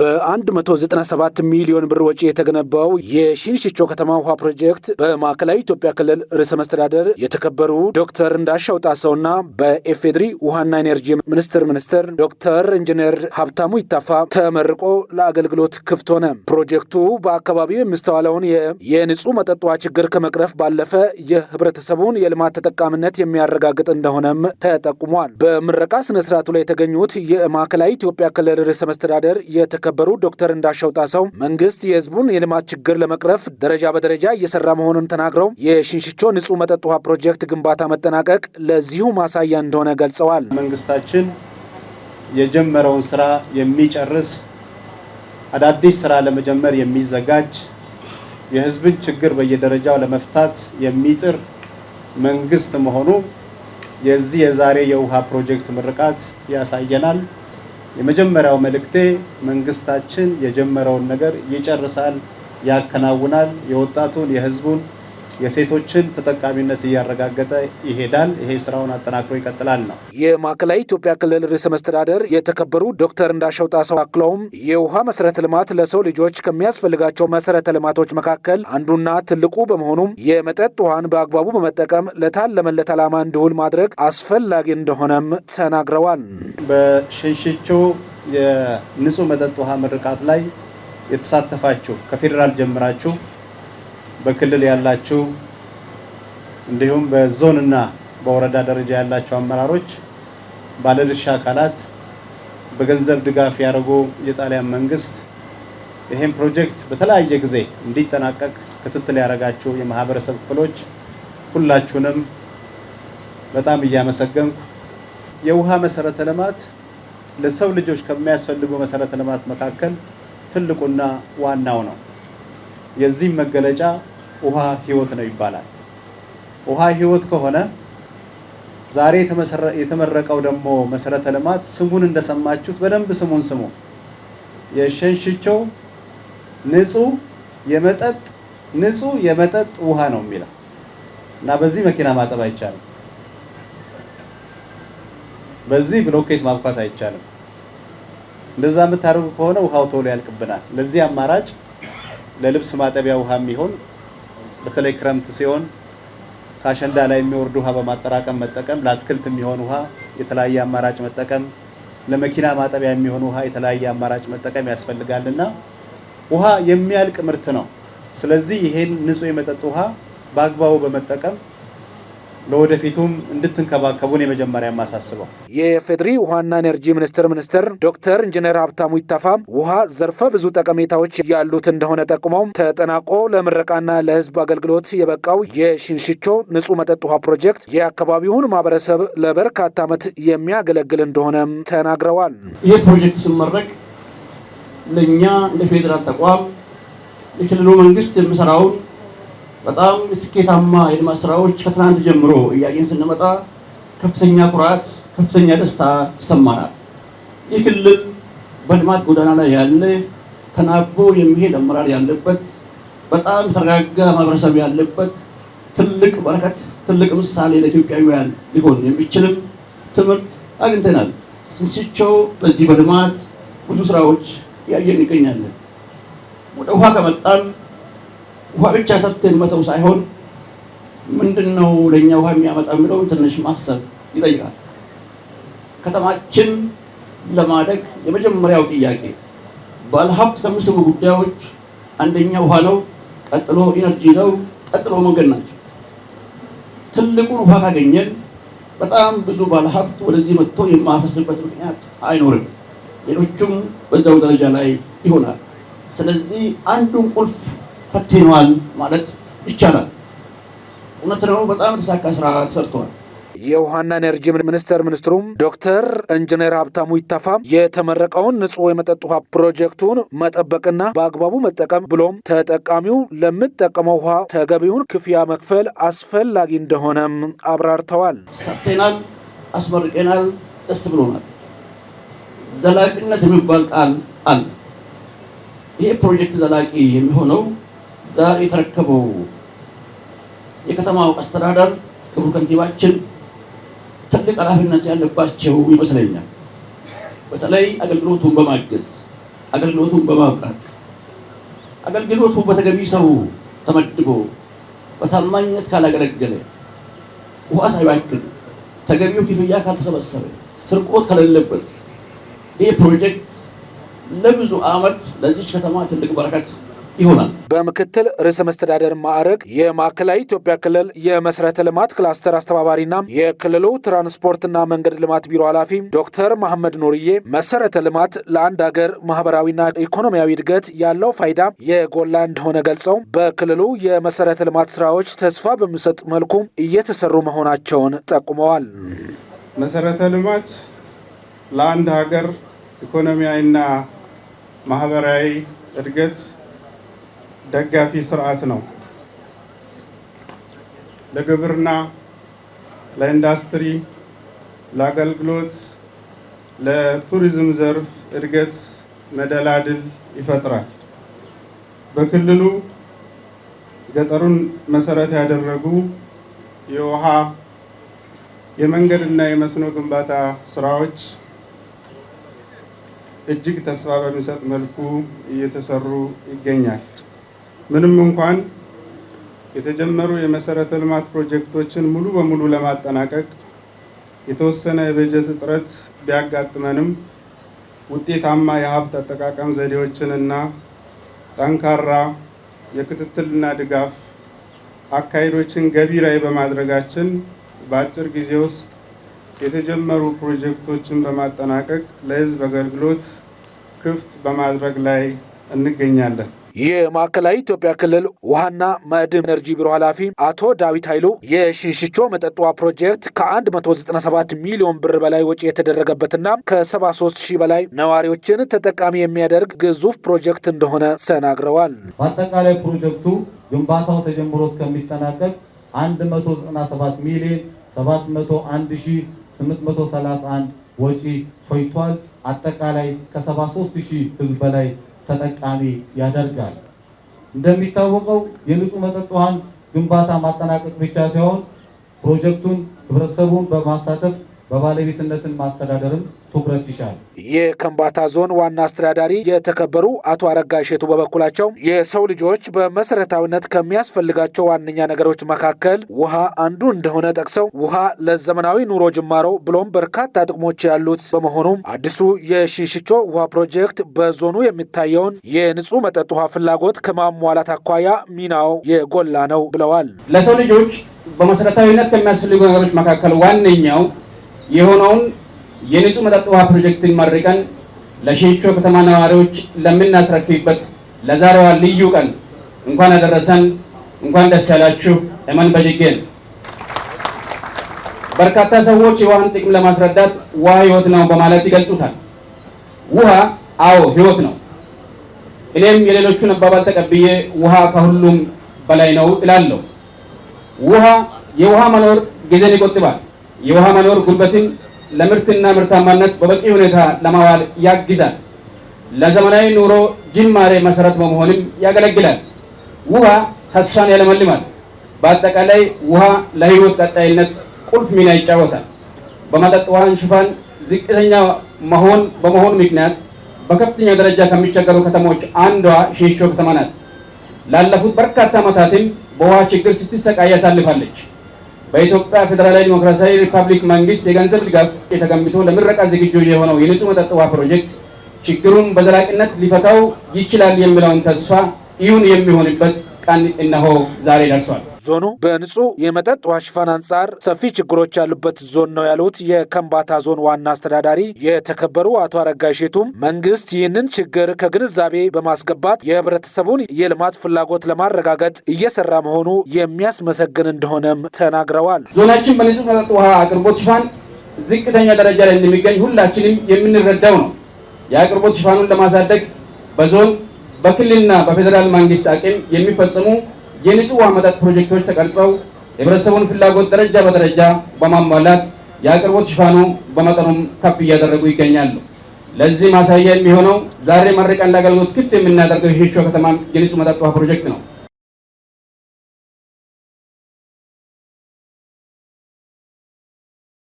በ197 ሚሊዮን ብር ወጪ የተገነባው የሽንሽቾ ከተማ ውሃ ፕሮጀክት በማዕከላዊ ኢትዮጵያ ክልል ርዕሰ መስተዳደር የተከበሩ ዶክተር እንዳሻው ጣሰውና በኤፌድሪ ውሃና ኤነርጂ ሚኒስቴር ሚኒስትር ዶክተር ኢንጂነር ሀብታሙ ይታፋ ተመርቆ ለአገልግሎት ክፍት ሆነ። ፕሮጀክቱ በአካባቢው የሚስተዋለውን የንጹህ መጠጥ ውሃ ችግር ከመቅረፍ ባለፈ የህብረተሰቡን የልማት ተጠቃሚነት የሚያረጋግጥ እንደሆነም ተጠቁሟል። በምረቃ ስነስርዓቱ ላይ የተገኙት የማዕከላዊ ኢትዮጵያ ክልል ርዕሰ መስተዳደር የ የተከበሩ ዶክተር እንዳሻው ጣሰው መንግስት የህዝቡን የልማት ችግር ለመቅረፍ ደረጃ በደረጃ እየሰራ መሆኑን ተናግረው የሽንሽቾ ንጹህ መጠጥ ውሃ ፕሮጀክት ግንባታ መጠናቀቅ ለዚሁ ማሳያ እንደሆነ ገልጸዋል። መንግስታችን የጀመረውን ስራ የሚጨርስ አዳዲስ ስራ ለመጀመር የሚዘጋጅ የህዝብን ችግር በየደረጃው ለመፍታት የሚጥር መንግስት መሆኑ የዚህ የዛሬ የውሃ ፕሮጀክት ምርቃት ያሳየናል። የመጀመሪያው መልእክቴ መንግስታችን የጀመረውን ነገር ይጨርሳል፣ ያከናውናል። የወጣቱን የህዝቡን የሴቶችን ተጠቃሚነት እያረጋገጠ ይሄዳል። ይሄ ስራውን አጠናክሮ ይቀጥላል ነው የማዕከላዊ ኢትዮጵያ ክልል ርዕሰ መስተዳደር የተከበሩ ዶክተር እንዳሸውጣ ጣሰው። አክለውም የውሃ መሰረተ ልማት ለሰው ልጆች ከሚያስፈልጋቸው መሰረተ ልማቶች መካከል አንዱና ትልቁ በመሆኑም የመጠጥ ውሃን በአግባቡ በመጠቀም ለታለመለት ዓላማ እንዲውል ማድረግ አስፈላጊ እንደሆነም ተናግረዋል። በሽንሽቾ የንጹህ መጠጥ ውሃ ምርቃት ላይ የተሳተፋችሁ ከፌዴራል ጀምራችሁ በክልል ያላችሁ እንዲሁም በዞን እና በወረዳ ደረጃ ያላችሁ አመራሮች፣ ባለድርሻ አካላት በገንዘብ ድጋፍ ያደረጉ የጣሊያን መንግስት ይህም ፕሮጀክት በተለያየ ጊዜ እንዲጠናቀቅ ክትትል ያደረጋችሁ የማህበረሰብ ክፍሎች ሁላችሁንም በጣም እያመሰገንኩ የውሃ መሰረተ ልማት ለሰው ልጆች ከሚያስፈልጉ መሰረተ ልማት መካከል ትልቁና ዋናው ነው። የዚህም መገለጫ ውሃ ህይወት ነው ይባላል። ውሃ ህይወት ከሆነ ዛሬ የተመረቀው ደግሞ መሰረተ ልማት ስሙን እንደሰማችሁት በደንብ ስሙን ስሙ። የሸንሽቾ ንጹህ የመጠጥ ንጹህ የመጠጥ ውሃ ነው የሚለው እና በዚህ መኪና ማጠብ አይቻልም። በዚህ ብሎኬት ማብኳት አይቻልም። እንደዛ የምታደርጉ ከሆነ ውሃው ቶሎ ያልቅብናል። ለዚህ አማራጭ ለልብስ ማጠቢያ ውሃ የሚሆን በተለይ ክረምት ሲሆን ከአሸንዳ ላይ የሚወርድ ውሃ በማጠራቀም መጠቀም፣ ለአትክልት የሚሆን ውሃ የተለያየ አማራጭ መጠቀም፣ ለመኪና ማጠቢያ የሚሆን ውሃ የተለያየ አማራጭ መጠቀም ያስፈልጋል እና ውሃ የሚያልቅ ምርት ነው። ስለዚህ ይሄን ንጹህ የመጠጥ ውሃ በአግባቡ በመጠቀም ለወደፊቱም እንድትንከባከቡን የመጀመሪያ ማሳስበው። የፌድሪ ውሃና ኤነርጂ ሚኒስቴር ሚኒስትር ዶክተር ኢንጂነር ሀብታሙ ይተፋ ውሃ ዘርፈ ብዙ ጠቀሜታዎች ያሉት እንደሆነ ጠቁመው ተጠናቆ ለምረቃና ለህዝብ አገልግሎት የበቃው የሽንሽቾ ንጹህ መጠጥ ውሃ ፕሮጀክት የአካባቢውን ማህበረሰብ ለበርካታ ዓመት የሚያገለግል እንደሆነም ተናግረዋል። ይህ ፕሮጀክት ስመረቅ ለእኛ እንደ ፌዴራል ተቋም የክልሉ መንግስት የምሰራውን በጣም ስኬታማ የልማት ስራዎች ከትናንት ጀምሮ እያየን ስንመጣ ከፍተኛ ኩራት፣ ከፍተኛ ደስታ ይሰማናል። ይህ ክልል በልማት ጎዳና ላይ ያለ ተናቦ የሚሄድ አመራር ያለበት በጣም የተረጋጋ ማህበረሰብ ያለበት ትልቅ በረከት፣ ትልቅ ምሳሌ ለኢትዮጵያውያን ሊሆን የሚችልም ትምህርት አግኝተናል። ስንስቸው በዚህ በልማት ብዙ ስራዎች እያየን ይገኛለን። ወደ ውሃ ከመጣን ውሃ ብቻ ሰርተን መተው ሳይሆን ምንድን ነው ለእኛ ውሃ የሚያመጣ የሚለውን ትንሽ ማሰብ ይጠይቃል። ከተማችን ለማደግ የመጀመሪያው ጥያቄ ባለሀብት ከሚስቡ ጉዳዮች አንደኛ ውሃ ነው፣ ቀጥሎ ኢነርጂ ነው፣ ቀጥሎ መንገድ ናቸው። ትልቁን ውሃ ካገኘን በጣም ብዙ ባለሀብት ወደዚህ መጥቶ የማፈስበት ምክንያት አይኖርም። ሌሎቹም በዛው ደረጃ ላይ ይሆናል። ስለዚህ አንዱን ቁልፍ ፈትኗል ማለት ይቻላል። እውነት ደግሞ በጣም የተሳካ ስራ ሰርተዋል። የውሃና ኤነርጂ ሚኒስቴር ሚኒስትሩም ዶክተር ኢንጂነር ሀብታሙ ይተፋ የተመረቀውን ንጹህ የመጠጥ ውሃ ፕሮጀክቱን መጠበቅና በአግባቡ መጠቀም ብሎም ተጠቃሚው ለምጠቀመው ውሃ ተገቢውን ክፍያ መክፈል አስፈላጊ እንደሆነም አብራርተዋል። ሰርቴናል፣ አስመርቀናል፣ ደስ ብሎናል። ዘላቂነት የሚባል ቃል አለ። ይሄ ፕሮጀክት ዘላቂ የሚሆነው ዛሬ የተረከበው የከተማው አስተዳደር ክቡር ከንቲባችን ትልቅ ኃላፊነት ያለባቸው ይመስለኛል። በተለይ አገልግሎቱን በማገዝ አገልግሎቱን በማብቃት አገልግሎቱ በተገቢ ሰው ተመድቦ በታማኝነት ካላገለገለ ውሃ ሳይባክል ተገቢው ክፍያ ካልተሰበሰበ ስርቆት ከሌለበት ይህ ፕሮጀክት ለብዙ ዓመት ለዚች ከተማ ትልቅ በረከት ይሆናል። በምክትል ርዕሰ መስተዳደር ማዕረግ የማዕከላዊ ኢትዮጵያ ክልል የመሰረተ ልማት ክላስተር አስተባባሪና የክልሉ ትራንስፖርትና መንገድ ልማት ቢሮ ኃላፊ ዶክተር መሐመድ ኑርዬ መሰረተ ልማት ለአንድ ሀገር ማህበራዊና ኢኮኖሚያዊ እድገት ያለው ፋይዳ የጎላ እንደሆነ ገልጸው በክልሉ የመሰረተ ልማት ስራዎች ተስፋ በሚሰጥ መልኩ እየተሰሩ መሆናቸውን ጠቁመዋል። መሰረተ ልማት ለአንድ ሀገር ኢኮኖሚያዊና ማህበራዊ እድገት ደጋፊ ስርዓት ነው። ለግብርና፣ ለኢንዱስትሪ፣ ለአገልግሎት፣ ለቱሪዝም ዘርፍ እድገት መደላድል ይፈጥራል። በክልሉ ገጠሩን መሰረት ያደረጉ የውሃ የመንገድና የመስኖ ግንባታ ስራዎች እጅግ ተስፋ በሚሰጥ መልኩ እየተሰሩ ይገኛል። ምንም እንኳን የተጀመሩ የመሰረተ ልማት ፕሮጀክቶችን ሙሉ በሙሉ ለማጠናቀቅ የተወሰነ የበጀት እጥረት ቢያጋጥመንም ውጤታማ የሀብት አጠቃቀም ዘዴዎችንና ጠንካራ የክትትልና ድጋፍ አካሄዶችን ገቢራዊ በማድረጋችን በአጭር ጊዜ ውስጥ የተጀመሩ ፕሮጀክቶችን በማጠናቀቅ ለሕዝብ አገልግሎት ክፍት በማድረግ ላይ እንገኛለን። የማዕከላዊ ኢትዮጵያ ክልል ውሃና ማዕድን ኤነርጂ ቢሮ ኃላፊ አቶ ዳዊት ኃይሉ የሽንሽቾ መጠጥ ውሃ ፕሮጀክት ከ197 ሚሊዮን ብር በላይ ወጪ የተደረገበትና ከ73 ሺህ በላይ ነዋሪዎችን ተጠቃሚ የሚያደርግ ግዙፍ ፕሮጀክት እንደሆነ ተናግረዋል። በአጠቃላይ ፕሮጀክቱ ግንባታው ተጀምሮ እስከሚጠናቀቅ 197 ሚሊዮን 831 ወጪ ፈጅቷል። አጠቃላይ ከ73 ሺህ ህዝብ በላይ ተጠቃሚ ያደርጋል። እንደሚታወቀው የንጹህ መጠጥ ውሃን ግንባታ ማጠናቀቅ ብቻ ሳይሆን ፕሮጀክቱን ህብረተሰቡን በማሳተፍ በባለቤትነትን ማስተዳደርም ትኩረት ይሻል። የከምባታ ዞን ዋና አስተዳዳሪ የተከበሩ አቶ አረጋ ሼቱ በበኩላቸው የሰው ልጆች በመሰረታዊነት ከሚያስፈልጋቸው ዋነኛ ነገሮች መካከል ውሃ አንዱ እንደሆነ ጠቅሰው ውሃ ለዘመናዊ ኑሮ ጅማሮ ብሎም በርካታ ጥቅሞች ያሉት በመሆኑም አዲሱ የሽንሽቾ ውሃ ፕሮጀክት በዞኑ የሚታየውን የንጹህ መጠጥ ውሃ ፍላጎት ከማሟላት አኳያ ሚናው የጎላ ነው ብለዋል። ለሰው ልጆች በመሰረታዊነት ከሚያስፈልጉ ነገሮች መካከል ዋነኛው የሆነውን የንጹህ መጠጥ ውሃ ፕሮጀክትን መርቀን ለሸቾ ከተማ ነዋሪዎች ለምናስረክብበት ለዛሬዋ ልዩ ቀን እንኳን አደረሰን፣ እንኳን ደስ ያላችሁ። እመን በጅጌን በርካታ ሰዎች የውሃን ጥቅም ለማስረዳት ውሃ ህይወት ነው በማለት ይገልጹታል። ውሃ አዎ ህይወት ነው። እኔም የሌሎቹን አባባል ተቀብዬ ውሃ ከሁሉም በላይ ነው እላለሁ። ውሃ የውሃ መኖር ጊዜን ይቆጥባል። የውሃ መኖር ጉልበትን ለምርትና ምርታማነት በበቂ ሁኔታ ለማዋል ያግዛል። ለዘመናዊ ኑሮ ጅማሬ መሰረት በመሆንም ያገለግላል። ውሃ ተስፋን ያለመልማል። በአጠቃላይ ውሃ ለህይወት ቀጣይነት ቁልፍ ሚና ይጫወታል። በመጠጥ ውሃን ሽፋን ዝቅተኛ መሆን በመሆኑ ምክንያት በከፍተኛ ደረጃ ከሚቸገሩ ከተሞች አንዷ ሺንሻ ከተማ ናት። ላለፉት በርካታ ዓመታትም በውሃ ችግር ስትሰቃይ ያሳልፋለች። በኢትዮጵያ ፌዴራላዊ ዲሞክራሲያዊ ሪፐብሊክ መንግስት የገንዘብ ድጋፍ የተገንብቶ ለምረቃ ዝግጁ የሆነው የንጹህ መጠጥ ውሃ ፕሮጀክት ችግሩን በዘላቂነት ሊፈታው ይችላል የሚለውን ተስፋ ይሁን የሚሆንበት ቀን እነሆ ዛሬ ደርሷል። ዞኑ በንጹህ የመጠጥ ውሃ ሽፋን አንጻር ሰፊ ችግሮች ያሉበት ዞን ነው ያሉት የከምባታ ዞን ዋና አስተዳዳሪ የተከበሩ አቶ አረጋይ ሼቱም መንግስት ይህንን ችግር ከግንዛቤ በማስገባት የህብረተሰቡን የልማት ፍላጎት ለማረጋገጥ እየሰራ መሆኑ የሚያስመሰግን እንደሆነም ተናግረዋል። ዞናችን በንጹህ መጠጥ ውሃ አቅርቦት ሽፋን ዝቅተኛ ደረጃ ላይ እንደሚገኝ ሁላችንም የምንረዳው ነው። የአቅርቦት ሽፋኑን ለማሳደግ በዞን በክልልና በፌዴራል መንግስት አቅም የሚፈጽሙ የንጹህ ውሃ መጠጥ ፕሮጀክቶች ተቀርጸው የህብረተሰቡን ፍላጎት ደረጃ በደረጃ በማሟላት የአቅርቦት ሽፋኑ በመጠኑም ከፍ እያደረጉ ይገኛሉ። ለዚህ ማሳያ የሚሆነው ዛሬ መርቀን ለአገልግሎት ክፍት የምናደርገው የሸቾ ከተማ የንጹህ መጠጥ ውሃ ፕሮጀክት ነው።